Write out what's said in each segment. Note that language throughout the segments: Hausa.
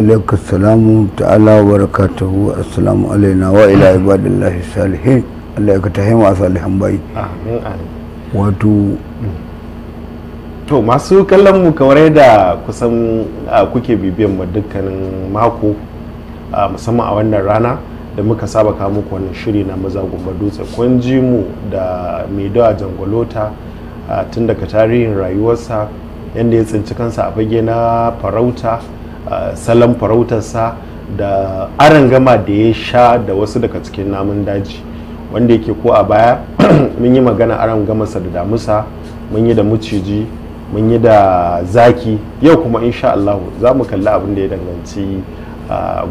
عليك السلام تعالى وبركاته السلام علينا وإلى عباد الله الصالحين to masu kallon mu kamar yadda kusan kuke bibiyan mu dukkanin mako musamman a wannan rana da muka saba kawo muku wannan shiri na maza gumba dutse kun ji mu da maidawa jangolota tun daga tarihin rayuwarsa yadda ya tsinci kansa a fage na farauta salon farautarsa da gama da ya sha da wasu daga cikin namun daji wanda yake ko a baya mun yi magana arangamarsa da damusa mun yi da muciji mun yi da zaki yau kuma insha Allah za mu kalli abin da ya danganci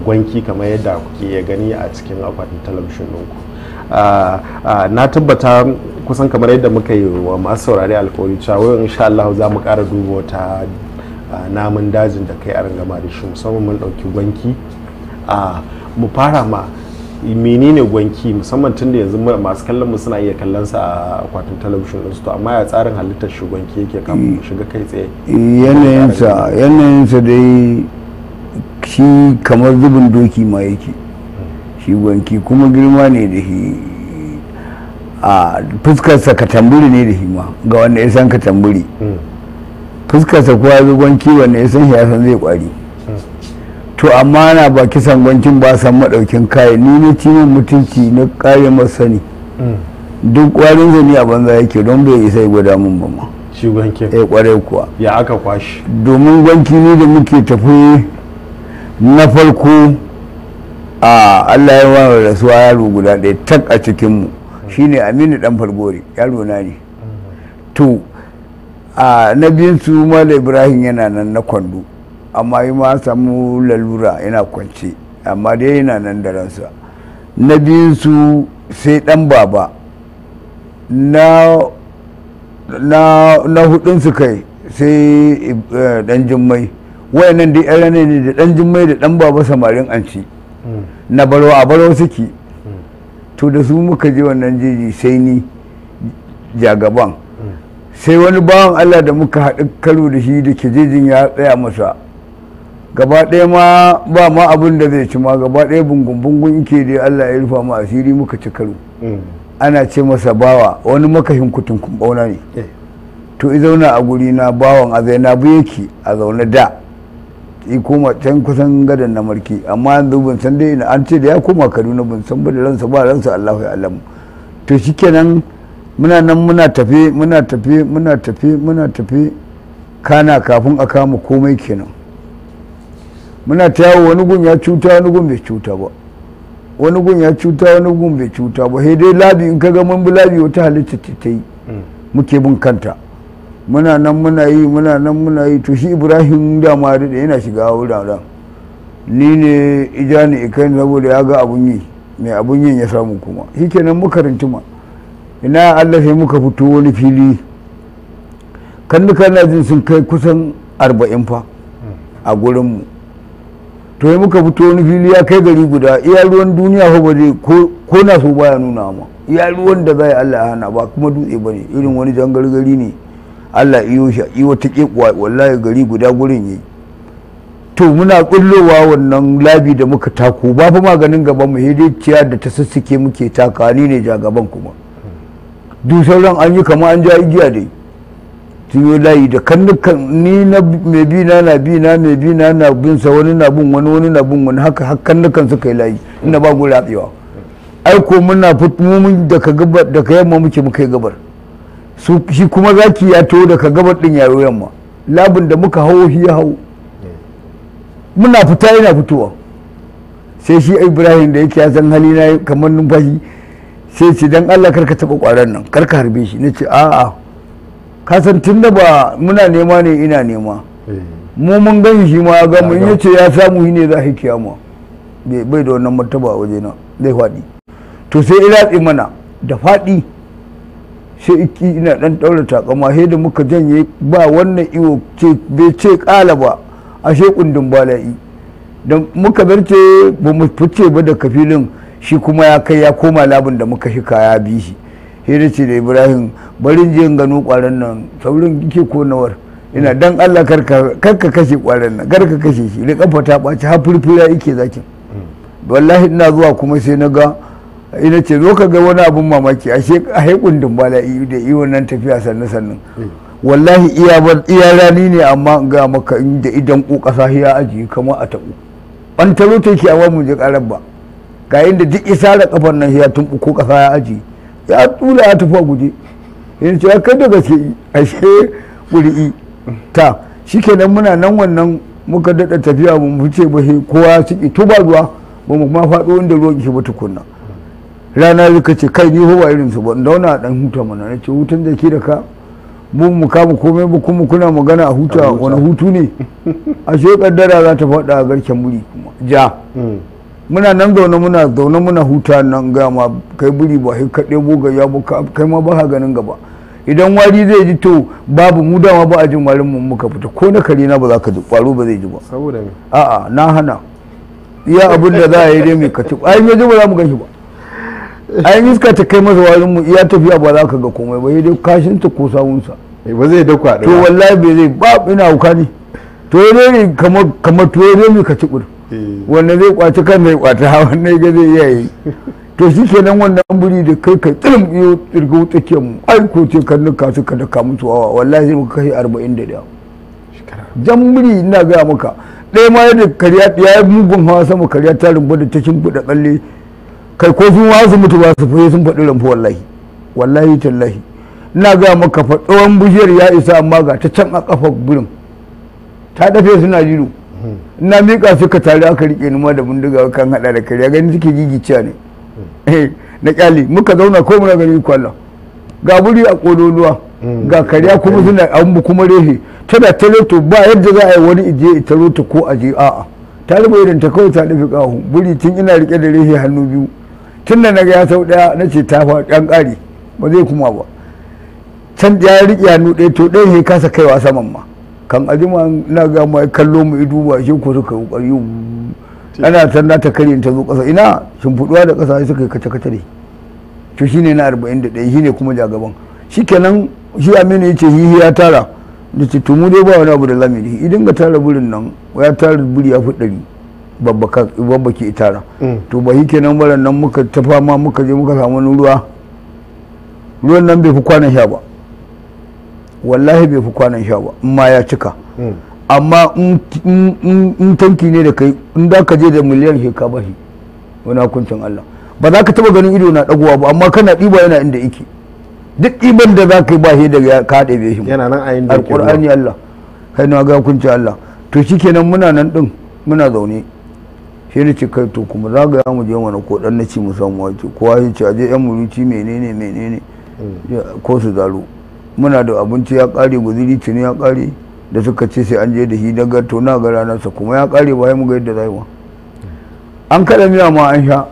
gwanki kamar yadda kuke ya gani a cikin akwatin talabishin ɗinku na tabbata kusan kamar yadda muka yi wa masu saurari alkawari cewa insha Allah za mu ƙara duba wata namun dajin da kai a rangama da shi musamman mun ɗauki gwanki a mu fara ma menene gwanki musamman tun da yanzu masu kallon mu suna iya kallon sa a akwatin talabishin su to amma ya tsarin halittar shi gwanki yake kan shiga kai tsaye yanayinsa yanayinsa dai shi kamar zubin doki ma yake shi gwanki kuma girma ne da shi a fuskarsa tamburi ne da shi ma ga wanda ya san katamburi hmm. fuskarsa kowa gwanki wanda ya san shi zai kwari to amma na ba kisan gwankin ba san madaukin kai ni na cinin mutunci na kare masani duk kwarin zani a banza yake don bai isa ya gwada mun ba ma shi gwanki ya eh, kware kuwa ya aka kwashi domin gwanki ne da muke tafi na farko a Allah ya wa rasuwa yaro guda ɗaya tak a cikinmu shine Aminu dan Falgore yaro na ne to a na biyunsu mala ibrahim yana nan na kwando amma yi ma samu lalura yana kwance amma dai yana nan da ransa na biyunsu sai dan baba na na na kai sai dan eh, jimmai nan da yan ne da dan jimmai da dan baba samarin anci hmm. na balo a balo suke hmm. to da su muka je wannan jeji sai ni jagaban sai wani bawan allah da muka haɗu karo da shi da kejejin ya tsaya masa gaba ɗaya ma ba ma abin da zai ci ma gaba ɗaya bungun-bungun ke da allah ya rufa ma asiri muka ci karo mm. ana ce masa bawa wani makahin kutun kumbauna ne eh. to i zauna a guri na bawan a zaina bu yake a zaune da i koma can kusan gadon na marki amma yanzu ban san dai an ce da ya koma kaduna ban san ba da ransa ba ransa allahu ya alamu to shikenan muna nan muna tafi muna tafi muna tafi muna tafi kana kafin a kama komai kenan muna ta yawo wani gun ya cuta wani gun bai cuta ba wani gun ya cuta wani gun bai cuta ba sai dai labi in ka ga mun bi labi wata halitta ce ta yi mm. muke bin kanta muna nan muna yi muna nan muna yi to shi ibrahim da ma da yana shiga wuraren ni ne ija ne ikai saboda ya ga abun yi mai abun yin ya samu kuma shi kenan muka rintuma ina allah sai muka fito wani fili duka na jin sun kai kusan arba'in fa a gurinmu to yi muka fito wani fili ya kai gari guda iya ruwan duniya ba zai ko na so baya nuna ma iya ruwan da zai allah hana ba kuma dutse ba ne irin wani jangargari ne allah iyo shi iyo ta kekuwa wallahi gari guda gurin yi to muna kullowa wannan labi da muka taku ba fa maganin gaban mu hidiciya da ta sassake muke taka ni ne ja gaban kuma duk sauran an yi kama an ja igiya dai sun yi layi da kan dukkan ni na mai bi na na bi na mai bi na na bin sa wani na bin wani wani na bin wani haka hakan dukkan suka yi layi ina ba gura tsewa ai ko muna fito mun daga gabar daga yamma muke muka yi gabar su shi kuma zaki ya to daga gabar din yaro yamma labin da muka hawo shi ya hawo muna fita yana fitowa sai shi ibrahim da yake ya san hali na kamar numfashi sai ce dan Allah karka taba kwaron nan karka harbe shi nace a'a ka san tunda ba muna nema ne ina nema eh. mu mun gan shi ma ga mun yace ya samu ne za shi kiyama bai da wannan martaba waje na zai faɗi to sai tsi mana da faɗi sai iki ina dan daura takama he da muka janye ba wannan iwo ce bai ce kala ba ashe kundin bala'i da muka zarce ba mu fice ba da kafilin shi kuma ya kai ya koma labin da muka shi kaya bi shi hira ce da ibrahim barin jiyan gano kwaron nan saurin ke konawar. ina dan allah karka kashe kwaron nan karka kashe shi kafa ta ɓaci har furfura yake zakin hmm. wallahi ina zuwa kuma sai na ga ina ce zo ka ga wani abin mamaki ashe a haikun dumbala da yi wannan tafiya sannan sannan hmm. wallahi iya rani ne amma ga maka da idan ko ƙasa ya ajiye kama a taɓo an taro take a mu je ƙarar ba ga da duk isa da kafar nan ya ko kasa ya aji ya tula ya tafi a guje yana cewa kai da gaske ashe ƙuri'i ta shikenan muna nan wannan muka daɗa tafiya mu fice ba kowa ya ciki tuba ruwa ba mu ma faɗo inda ruwan ke ba tukunna rana zai ce kai ni ba irin su ba in dauna dan huta mana na ce hutun da ke da ka mu mu kama komai ba kuma kuna magana a huta wani hutu ne a kaddara dara za ta faɗa a garken muri kuma ja hmm. muna nan zaune muna zaune muna huta nan gama kai buri ba kai ka ɗebo ga ya kai ma ba ganin gaba idan wari zai ji to babu mu dama ba a jin malin mu muka fita ko na kare na ba za ka ji kwaro ba zai ji ba saboda me a'a na hana iya abin da za a yi dai mai ka ci ai me ba za mu gashi ba ai iska ta kai masa warin mu iya tafiya ba za ka ga komai ba dai kashin ta ko sa eh, ba zai da kwaɗo to wallahi bai zai ba ina hauka ne to dai kamar kamar to dai mai ka ci kudu wannan zai kwaci kan zai kwata wannan ga zai iya yi to shi kenan wannan buri da kai kai tsirin iyo tsirga ke mu ai ko ce kan nuka su ka daka mutu wawa wallahi muka kashe arba'in da daya jan buri ina gaya maka ɗaya ma yadda kariya ya yi mugun hawa sama kariya ta rumbu da ta da tsalle kai ko sun wasu mutu ba su fiye sun faɗi rumfu wallahi wallahi tallahi ina gaya maka fa tsohon bishiyar ya isa amma ga ta can a ƙafa birin. ta dafe suna jiro na miƙa suka tare aka riƙe ni da bindiga kan haɗa da kariya gani suke gigice ne eh, na kyali muka zauna ko muna gani kwallon ga buri a ƙololuwa mm. ga kariya kuma suna an kuma rehe tana taleto ba yadda za a yi wani ije ita ko aje a'a ta rufe irin ta kawai ta dafi ƙahu. buri tun ina rike da rehe hannu biyu tun da na ga ya sau ɗaya na ce ta fa ɗan ƙari ba zai kuma ba can ya riƙe hannu ɗaya to ɗaya ya kasa kaiwa saman ma kan ajima na ga mai kallo mu idu ba shi ko suka kokari ana san na ta kare ta zo kasa ina fuduwa da kasa suka yi kace kace ne to shine na 41 shine kuma jagaban shikenan shi amini yace hihi ya tara da ce to mu dai ba wani abu da zamu yi idan ga tara burin nan ya tara buri ya fi dari babba ka babba ke tara mm. to ba shikenan baran nan muka ta fama muka je muka samu ruwa ruwan nan bai fi kwana sha ba wallahi bai fi kwanan sha ba amma ya cika amma in tanki ne da kai in da ka je da miliyan shi ka bashi wani hukuncin Allah ba za ka taba ganin ido na dagowa ba amma kana ɗiba yana inda yake duk ɗiban da za ka yi ba shi daga ka ɗebe shi yana nan a yin yake alƙur'ani Allah kai na ga hukuncin Allah to shikenan muna nan din muna zaune shi ne kai to kuma za ga mu je wani ko dan na ci mu samu wake kowa ya ce aje yan muruci menene menene mm. ko su zalo. muna da abinci ya kare guziri tuni ya kare da suka ce sai an je da shi na to na ga ranarsa kuma ya kare ba mu ga yadda zai wa an kada miya ma an sha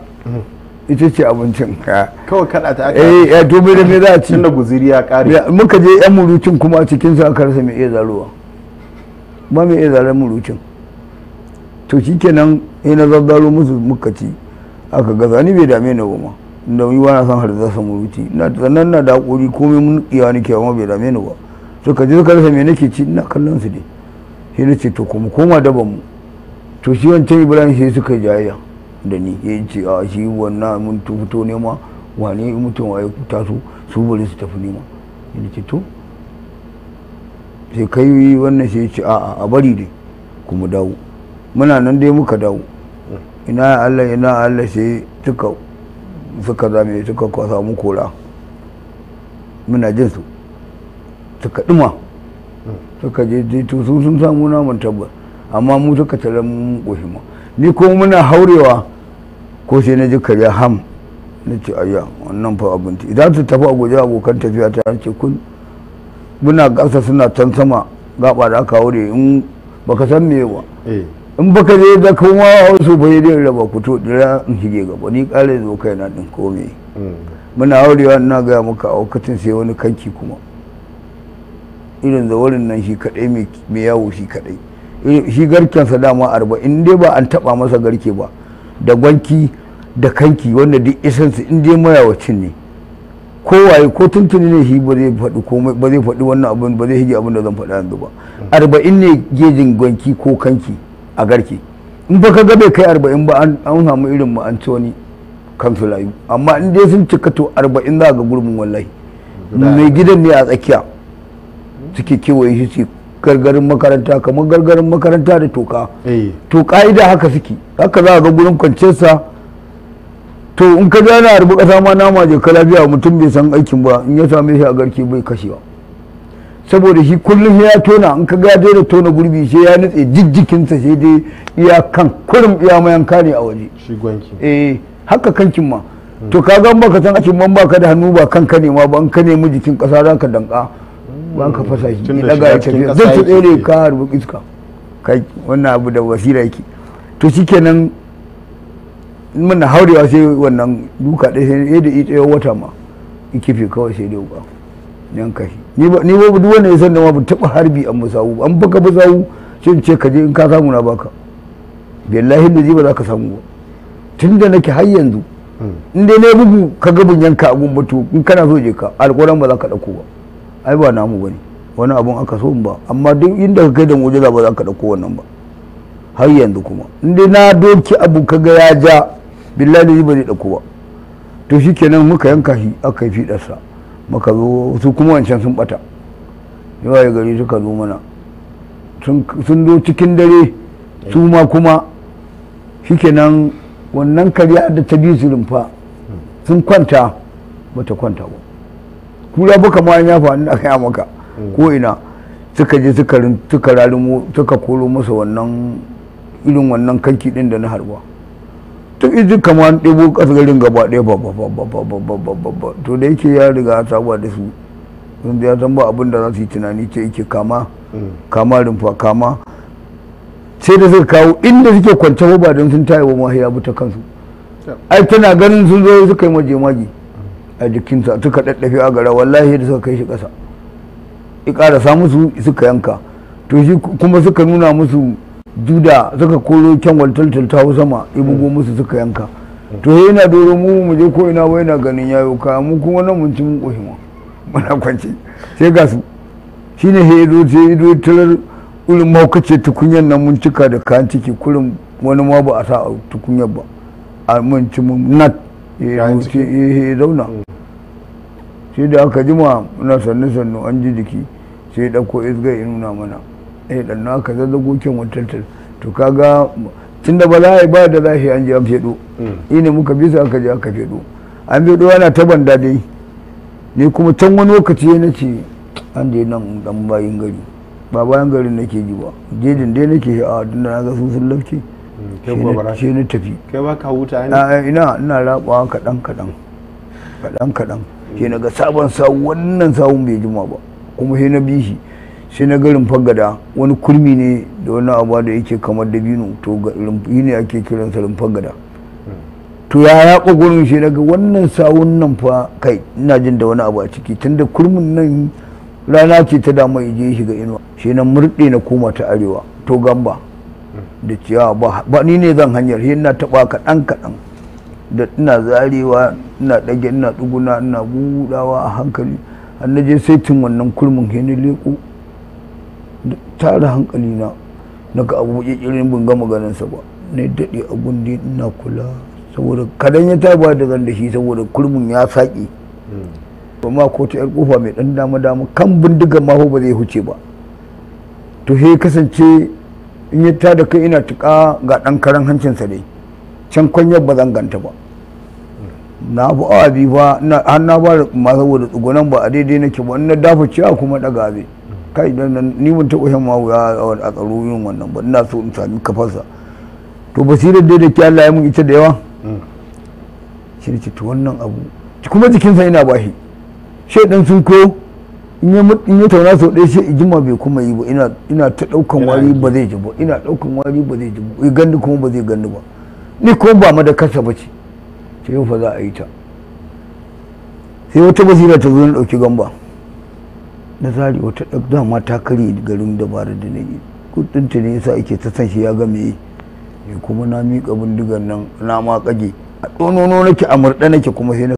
ita ce abincin kawai kada ta aka eh ya to da me za a ci da guziri ya kare muka je yan murucin kuma a cikin sa aka rasa mai iya zaruwa ba mai iya zaruwa murucin to shikenan ina zazzaro musu muka ci aka gaza ni bai dame na goma. ma da mu ba na son har da samu ruti na sannan na da hakuri komai mun kiyawa nake amma bai dame ni ba to ka je ka rasa me nake ci ina kallon su dai shi ne ce to kuma koma daban mu to shi wancan ibrahim sai suka jaya da ni ya ce a shi wannan mun fito nema wane mutum waye taso su bari su tafi nema ya ce to sai kai wannan sai ya ce a'a a bari dai kuma dawo muna nan dai muka dawo ina Allah ina Allah sai suka suka zame suka kwasa mu kora muna jin su suka ɗuma suka je to su sun samu naman tabbas amma mu suka tare mun ƙoshi ma ni ko muna haurewa ko sai na ji kare ham na ce ayya wannan fa abinci idan su tafi a guje abokan tafiya ta ce kun muna gasa suna can sama gaba da aka haure in baka san me ba eh. in baka je da kuma wasu bai da raba fito dira in shige gaba ni kare zo kai na din kome muna aurewa ina ga maka aukatin sai wani kanki kuma irin da wurin nan shi kadai mai yawo shi kadai shi garkensa dama arba'in dai ba an taba masa garke ba da gwanki da kanki wanda duk isansu in dai mayawacin ne kowaye ko tuntuni ne shi ba zai faɗi komai ba zai faɗi wannan abin ba zai hige abin da zan faɗa yanzu ba arba'in ne gejin gwanki ko kanki a garki in ba ka gabe kai arba'in ba an samu irin ma an tsoni kan su layu amma in dai sun cika to arba'in za ga gurbin wallahi mai gidan ne a tsakiya suke kewaye shi su gargarin makaranta kamar gargarin makaranta da toka eh. to ka'ida haka suke haka za a ga gurin kwancinsa to in ka jana harbi ƙasa ma nama je ka lafiya mutum bai san aikin ba in ya same shi a garki bai kashewa saboda shi kullum ya tona in ka gado da tona gurbi sai ya nutse jijjikinsa sai dai iya kan kurum iya mayanka ne a waje shi eh haka kankin ma to ka ga baka san cikin man baka da hannu ba kanka ne ma ba in ka nemi jikin kasa za ka danka ba ka fasa shi ni daga yake zai su tsere ka harbi iska kai wannan abu da wasira yake to shikenan muna haurewa sai wannan duka ɗaya sai da ita wata ma kife kawai sai dai ba. yanka shi ni ba duk wanda ya san da ma ban taba harbi an musawu an baka musawu shin ce ka je in ka samu na baka billahi da ba za ka samu ba tunda nake har yanzu hmm. in dai na bugu ka ga bun yanka abun ba to in kana so je ka alƙur'an ba za ka dauko ba ai ba namu bane wani abun aka so ba amma duk inda ka kai da mu'jiza ba za ka dauko wannan ba har yanzu kuma in dai na doki abu ka ga ya ja billahi da ba zai dauko ba to shikenan muka yanka shi aka yi fidarsa muka zo su kuma wancan sun bata yawa ya gari suka zo mana sun zo cikin dare su ma kuma shikenan wannan karya da ta bi su rumfa sun kwanta bata kwanta ba kura baka ma ya faru da kai maka ko ina suka je suka rarumo suka koro masa wannan irin wannan kanki din da na harba to izi kama an ɗebo garin gaba ɗaya ba ba ba ba ba ba ba ba ba ba to da yake ya riga a saba da su sun ya san ba abin da za su yi tunani ce yake kama mm. kama rumfa kama sai da suka kawo inda suke kwance ba don sun tayi wa mahi ya buta kansu ai tana ganin sun zo suka yi maje magi a jikinsa suka daddafe a gara wallahi da suka kai shi ƙasa i ƙarasa musu suka yanka to shi kuma suka nuna musu juda suka koro ta taltalta sama ya bugo hmm. musu suka yanka to yana doro mu mu je ko ina wai na ganin yayo ka mu kuma nan mun ci mun koshi ma muna kwance sai ga su shine he ido sai ido tular ulin maukace tukunyar nan mun cika da kayan ciki kurin wani ma ba a sa a tukunyar ba a mun ci mun nat ya zauna hmm. sai da aka jima muna sannu sannu an ji jiki sai da ɗauko isgai ya nuna mana eh dan na ka zazzago kin wutar to kaga tunda ba za a yi ba da za an je an fedo hmm. ine muka bisa aka je aka fedo an fedo yana ta banda dai ni kuma can wani lokaci ya nace an dai nan dan bayin gari ba bayan garin nake ji ba jejin dai nake a tunda na ga sun sun lafke hmm, shi na tafi kai ba ka huta ne ina ina rabawa kaɗan kaɗan kaɗan kaɗan shi na ga sabon sa wannan sawun bai jima ba kuma shi na bi shi sai na garin rumfar gada wani kurmi ne da wani abu da yake kamar dabino to yi ne ake kiransa rumfar gada hmm. to ya ya gurin shi na ga wannan sawun nan fa kai ina jin da wani abu a ciki tunda kurmin nan rana ce ta dama ije ga inuwa shi na murɗe na koma ta arewa to gamba hmm. da ciyawa ba ni ne zan hanyar shi na taɓa kaɗan kaɗan da ina zarewa ina ɗage ina ɗuguna ina buɗawa a hankali an na je saitin wannan kurmin he leƙo tara hankali na na ga abu kirkirin ban gama ganin sa ba ne daɗe abun da ina kula saboda kadan ya taba da da shi saboda kurmin ya saki ba ma ko ta yar kofa mai dan dama dama kan bindiga ma ba zai huce ba to he kasance in ya tada kai ina tuka ga dan karan hancin sa dai can kwanyar ba zan ganta ba na bu awa biyu ba har na ba ma saboda tsugunan ba a daidai nake ba na dafa ciya kuma daga zai kai dan ni ban taɓa shan mawuya a tsaro yin wannan ba ina so in sami kafarsa to basirar dai da Allah ya mun ita da yawa mm. shi ne to wannan abu kuma jikinsa yana bashi shi dan sun ko in ya tauna sau ɗaya shi ijima bai kuma yi ba ina ta ɗaukan wari ba zai ji ba ina ɗaukan wari ba zai ji ba ya gandu kuma ba zai gandu ba ni kuma ba ma da kasa ba ce sai yau fa za a yi ta sai wata basira ta zo na ɗauki gamba na zari wata dama ta kare garin dabara da na kudin ta ne yasa ake ta san shi ya game yi kuma na miƙa bindigan nan na ma kage a ɗonono nake a murɗe nake kuma sai na